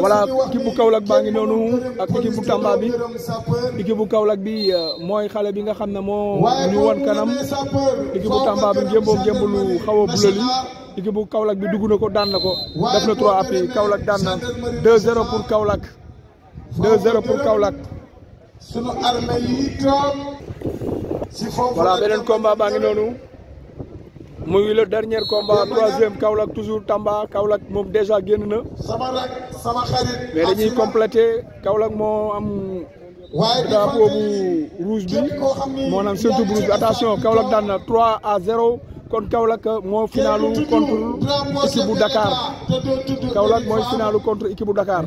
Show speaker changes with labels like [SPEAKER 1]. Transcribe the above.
[SPEAKER 1] voilà équipe bu Kaolack baa ngi noonu ak équipe bu Tamba bi équipe bu Kaolack bi euh, mooy xale bi nga xam ne moo ñu woon kanam équipe bu Tamba bi ngémboo ngémbalu xaw a bulali équipe bu Kaolack bi dugg na ko daan na ko def na trois appui Kaolack daan na 2-0 pour Kaolack 2-0 pour Kaolack. voilà beneen combat baa ngi noonu. muy le dernier combat troisième Kaolack toujours Tamba Kaolack moom déjà génn na.
[SPEAKER 2] sama rak sama xarit.
[SPEAKER 1] mais Kaolack moo am. waaye drapeau bu moo naan surtout rouge bi attention Kaolack daan na 3 à 0 kon Kaolack moo finalu bu Dakar
[SPEAKER 3] Kaolack mooy finalu contre équipe bu Dakar.